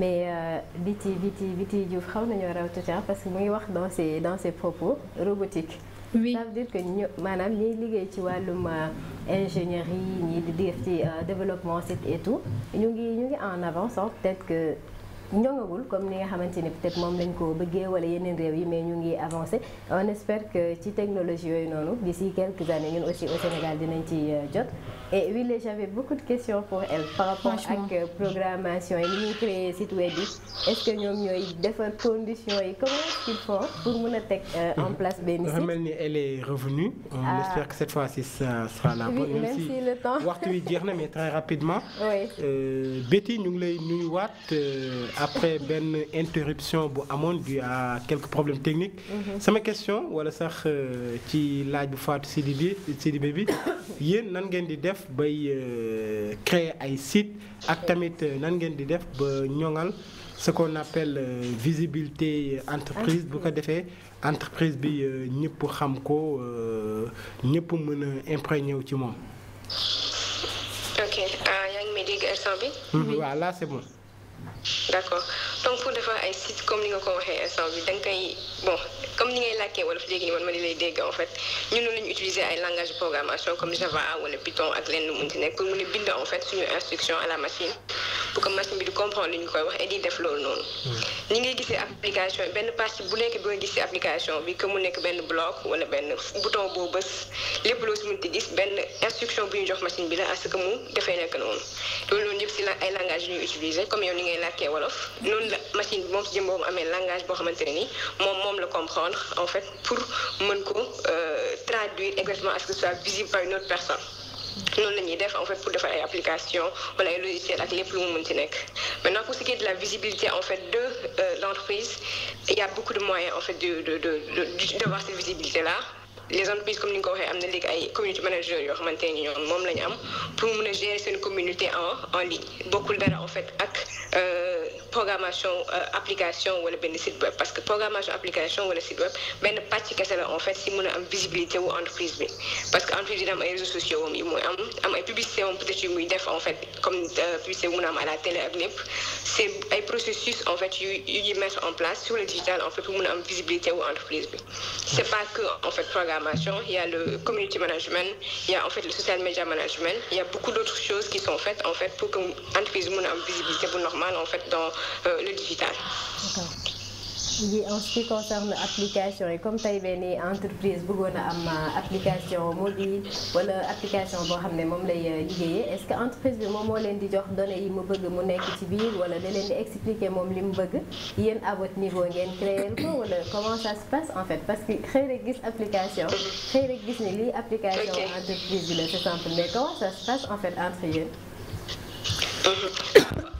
mais euh, Biti Biti Biti Diouf xaw nañoo raw tuuti parce que mu ngi wax dans ses dans ses propos robotique. oui ça veut dire que ñu maanaam ñuy liggéey ci wàllum euh, ingénierie ñi di def ci euh, développement site ñu ngi en avance peut-être que. ñoŋagul comme ni nga xamante ni peut moom lañ ko bëggee wala yeneen réew yi mais ñu ngi avancé on espère que ci technologie yooyu noonu di si quelques années ñun aussi au Sénégal dinañ ci jot et Wille j'avais beaucoup de questions pour elle par rapport ak euh, programmation yi ni ñuy créer site web est-ce que ñoom ñooy defar conditions yi comment ils pour mën a teg euh, en place benn site. dafa mel ni elle est revenue. on ah. espère que cette wi jeex na mais très rapidement. oui euh, Betty ñu ngi lay nuyuwaat après benn interruption bu amoon dû à quelques problèmes techniques. Mhm. sama question wala sax ci laaj bu Fatou Sidibé Sidibé bi yéen nan ngeen di def. def bay euh, créer ay site ak tamit euh, nan ngeen di def ba ñoŋal ce qu'on appelle euh, visibilité entreprise bu ko defee entreprise bi ñëpp xam ko ñëpp mën a imprégné wu ci moom. ok yaa ngi may dégg instant bi. Mhm. voilà bon. donc pour defar ay site comme ni nga ko waxee instant bi da koy bon comme ni ngay làkkee wolof léegi ni man ma di lay dégg en fait ñun noonu la ñu ay langage de programmation comme Java wala Python ak lenn lu mun nekk pour mun a bind en fait suñu instruction à la machine pour que machine bi di comprendre li ñu koy wax et di def loolu noonu. ñi hmm. ngay gisee application benn partie bu nekk bi nga gis ci application bi que mu nekk benn bloc wala benn bouton boo bës lépp loo si mënti gis benn instruction bu ñu jox machine bi la à ce que mu defee nekk noonu. loolu noonu yëpp si la ay langage yu ñuy utiliser comme yow ni ngay làkkee wolof noonu la machine bi moom si jëm boobu amee langage boo xamante ne ni moom moom la comprendre en fait pour ko euh, traduire exactement à personne. loolu la ñuy def en fait pour defar ay application wala ay logiciel ak lépp lu mu mën ci nekk maintenant pour ce qui est de la visibilité en fait de euh, l'entreprise il y a beaucoup de moyens en fait de de de d'avoir cette visibilité là les entreprises comme ni nga ko waxee am na léegi ay community manager yoo xamante ne ñoom moom la ñu am pour mun a gérer seen communauté en en ligne bokkul dara en fait ak euh, programmation euh, application wala benn site web parce que programmation application wala site web benn pàcc kese la en fait si mun a am visibilité wu entreprise bi parce que entreprise dina am ay réseaux sociaux am yu muy am am ay publicité am peut-être yu muy def en fait comme euh, publicité bu mun a am à la télé ak lépp c'est ay processus en fait yu yu ñuy mettre en place sur le digital en fait pour mun a am visibilité wu entreprise bi c'est pas que en fait programme programmation, il y a le community management, il y a en fait le social media management, il y a beaucoup d'autres choses qui sont faites en fait pour que l'entreprise ait une visibilité normale en fait dans euh, le digital. ji en ce qui concerne application yi comme tey benn entreprise bëggoon a am euh, application mobile wala application boo xam ne moom lay euh, liggéeyee est-ce que entreprise bi moom moo leen di jox données yi mu bëgg mu nekk ci biir wala da leen di expliquer moom li mu bëgg yéen à votre niveau ngeen créer ko wala comment ça se passe en fait parce que xëy rek gis application xëy gis ni lii application entreprise bi la c'est simple mais comment ça en fait entre yéen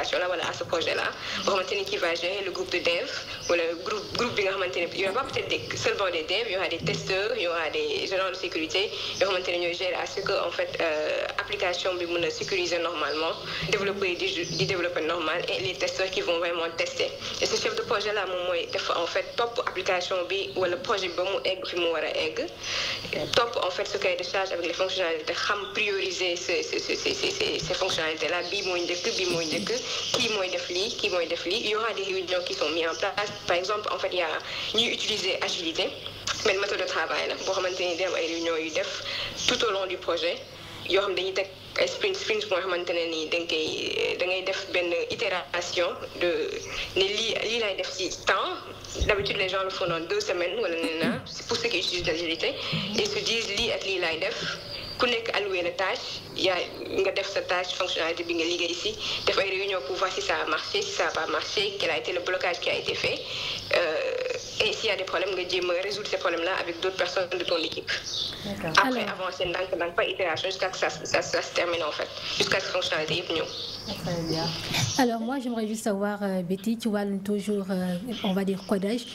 association là wala à ce projet là boo xamante ni qui va gérer le groupe de dev wala groupe groupe bi nga xamante il y aura pas peut seulement des devs il y aura des testeurs il y aura des gérants de sécurité yoo xamante ne ñooy gérer que en fait euh, application bi mën a sécuriser normalement développer di di développer normal et les testeurs qui vont vraiment tester et ce chef de projet là moom mooy def en fait topp application bi wala projet bi ba mu egg fi mu war en fait ce cahier de charge avec les fonctionnalités xam prioriser ces ces ces ces ces qui mooy def lii qui mooy def lii il y aura des réunions qui sont mises en place par exemple en fait il y a ñuy utiliser agilité benn méthode de travail la boo xamante ni dem ay réunions yu def tout au long du projet yoo xam dañuy teg ay sprint sprint boo ne nii da koy da def benn itération de ne lii lii laay def si temps d'habitude les gens le font dans deux semaines wala nee na pour ceux qui utilisent l'agilité ils se disent lii ak lii laay def ku nekk alloué la tâche yaa nga def sa tâche fonctionnalité bi nga liggéey si def ay réunion pour voir si ça a marché si ça a pas marché quel a été le blocage qui a été fait euh, et s'il y a des problèmes nga jéem a résoudre ces problèmes là avec d'autres personnes de ton équipe. après avancer ndànk ndànk par itération jusqu'à que ça, se termine en fait jusqu'à que fonctionnalité yëpp ñëw. Très Alors moi j'aimerais juste savoir euh, Betty ci wàllum toujours euh, on va dire codage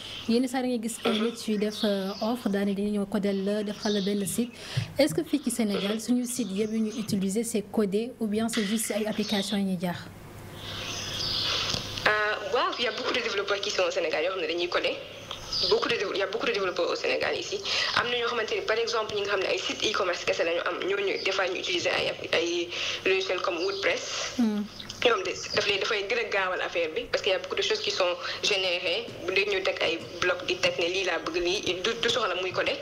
da nga Sénégal suñu site yëpp yu ñu utiliser c' est codé ou bien c' est juste yi ñuy jaar. Euh, waaw y' a beaucoup de développeurs qui sont au Sénégal yoo xam ne dañuy codé. beaucoup de il a beaucoup de au Sénégal ici am na ñoo xamante ni par exemple ñi nga xam ne ay site e-commerce kese la am ñooñu des ñu utiliser ay ay logiciels comme WordPress. Hmm. ñoom daf lay dafay gën a gaawal affaire bi parce que y a beaucoup de choses qui sont générées bu ñu teg ay bloc di teg lii laa bëgg lii du soxla muy codé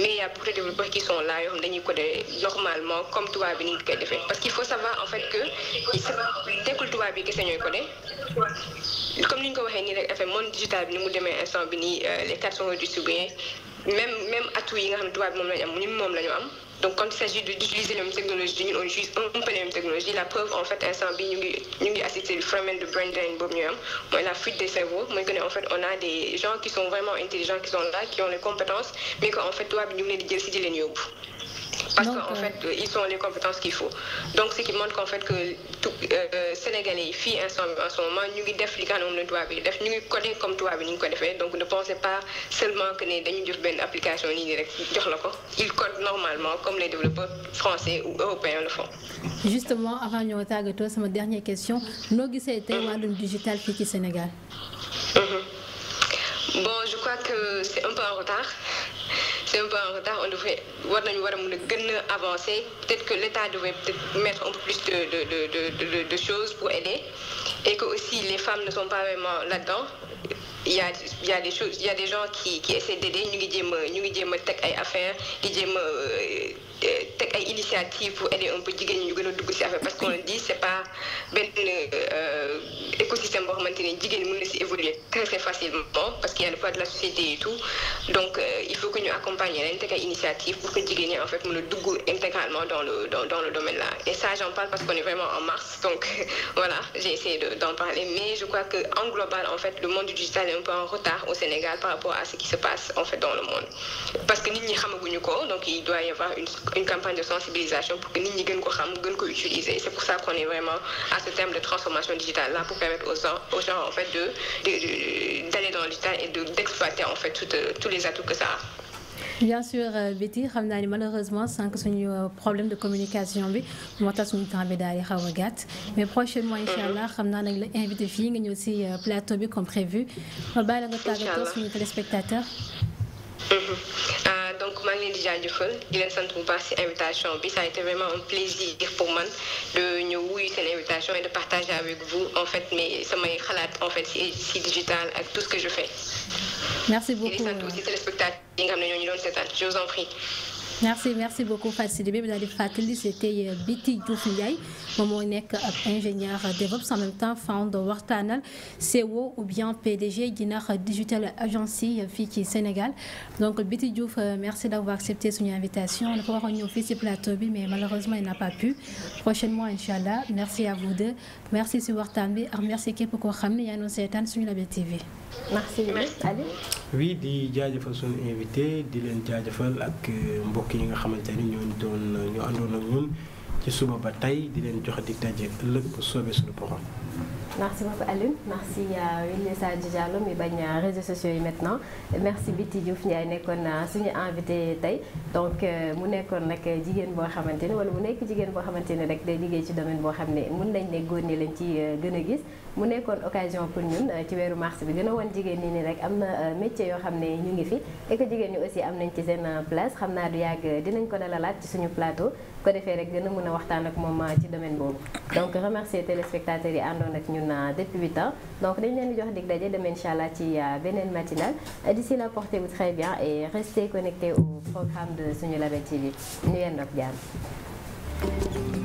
mais y a beaucoup de développeurs qui sont là yoo xam dañuy codé normalement comme tubaab bi ni ñu koy defee parce que tekkul bi kese ñooy codé. comme ni ñu ko waxee nii rek FM monde digital ni mu demee instant bi euh, les cartes sont redistribuées même même atout nga xam ne tubaab moom la ñu am donc quand il s'agit de d'utiliser les mêmes technologies ñun on utilise un peu les mêmes la preuve en fait instant bi ngi ñu le phénomène de brain drain boobu am mooy la fuite des cerveaux mooy que en fait on a des gens qui sont vraiment intelligents qui ont les compétences mais que en fait tubaab bi ñu ngi Parce qu'en en fait, euh, ils ont les compétences qu'il faut. Donc, ce qui montre qu'en fait, que tout, euh, Sénégalais, filles, en ce moment, nous avons des nous nous connaissons comme toi, nous connaissons. Donc, ne pensez pas seulement que nous avons une application, ils codent normalement comme les développeurs français ou européens le font. Justement, avant de nous c'est ma dernière question. Nous avons été dans digital qui Sénégal. Mhm. c' est un peu en retard on devrait war nañu war a mën gën a avancer peut être que l' état devrait peut mettre un plus de de de de de choses pour aider et que aussi les femmes ne sont pas vraiment là dedans il y a il y a des gens qui essaient d' aider ñu ngi jéem a ñu ngi jéem a teg ay affaires di jéem a. Euh, euh, teg ay initiative pour aider un peu jigéen ñi ñu gën a dugg si affaire parce qu'on dit c'est pas benn euh, écosystème boo xamante ne jigéen mën na si évoluer très très facilement parce qu'il y a le poids de la société et tout donc euh, il faut que ñu accompagner leen teg ay initiative pour que jigéen ñi en fait mën a dugg intégralement dans le dans, dans le domaine là et ça j'en parle parce qu'on est vraiment en mars donc voilà j'ai essayé d'en parler mais je crois que en global en fait le monde du digital est un peu en retard au Sénégal par rapport à ce qui se passe en fait dans le monde parce que nit ñi xamaguñu ko donc il doit y avoir une, une campagne de sensibilisation pour que nit ñi gën ko xam gën ko utiliser c'est pour ça qu'on est vraiment à ce thème de transformation digitale là pour permettre aux gens en fait de d'aller dans le en fait euh, tous les atouts que ça a. bien sûr euh, Betty xam naa ni malheureusement sànq suñu euh, problème de communication bi moo tax suñu temps bi daal di a gàtt mais prochainement mm-hmm. incha allah xam naa nag la invité plateau bi comme donc maa ngi leen di jaajëfal di leen sant bu baax si invitation bi ça a été vraiment un plaisir pour man de ñëw wuyu seen invitation et de partager avec vous en fait mais samay xalaat en fait si si digital ak tout ce que je fais. merci beaucoup di sant aussi ne ñoo ñu doon seetaan je vous en prie. merci merci beaucoup Fatou Sidibé bi daal di fàttali c'était euh, Biti Diouf Ndiaye moom moo nekk ab ingénieur DevOps en même temps founder waxtaanal CEO ou bien PDG Dinax Digital Agency fii ci Sénégal donc Biti Diouf euh, merci d'avoir accepté suñu invitation dafa waxoon ñëw fii ci plateau bi mais malheureusement il n'a pas pu prochainement incha allah merci à vous deux merci si waxtaan bi ak merci képp koo xam ne yaa ngi doon seetaan suñu Label TV. merci mbokk yi nga xamante ni ñoo doon ñoo àndoon ak ñun ci suba ba tey di leen joxe di daje ëllëg bu soobee suñu borom merci beaucoup Aline merci euh, Willy Sadio Diallo mi bañ euh, réseaux sociaux yi maintenant merci Biti Diouf Ndiaye nekkoon euh, suñu invité tey donc mu nekkoon nag jigéen boo xamante ne wala mu nekk jigéen boo xamante ne rek day liggéey ci domaine boo xam ne mun nañ ne góor ñi lañ ci gën a gis mu nekkoon occasion pour ñun ci weeru mars bi gën a wan jigéen ñi nii rek am na métier yoo xam ne ñu ngi fi et que jigéen ñi aussi am nañ ci seen place xam naa du yàgg dinañ ko dalalaat ci suñu plateau ko defee rek gën a mën a waxtaan ak moom ah, ci domaine boobu donc remercier téléspectateurs yi àndoon ak ñun ah, depuis 8 ans donc dañu leen di jox dig daje demain incha ci ah, beneen matinale euh, d'ici a portez-vous très bien et restez connectés au programme de suñu Label TV ñu yendoog jàmm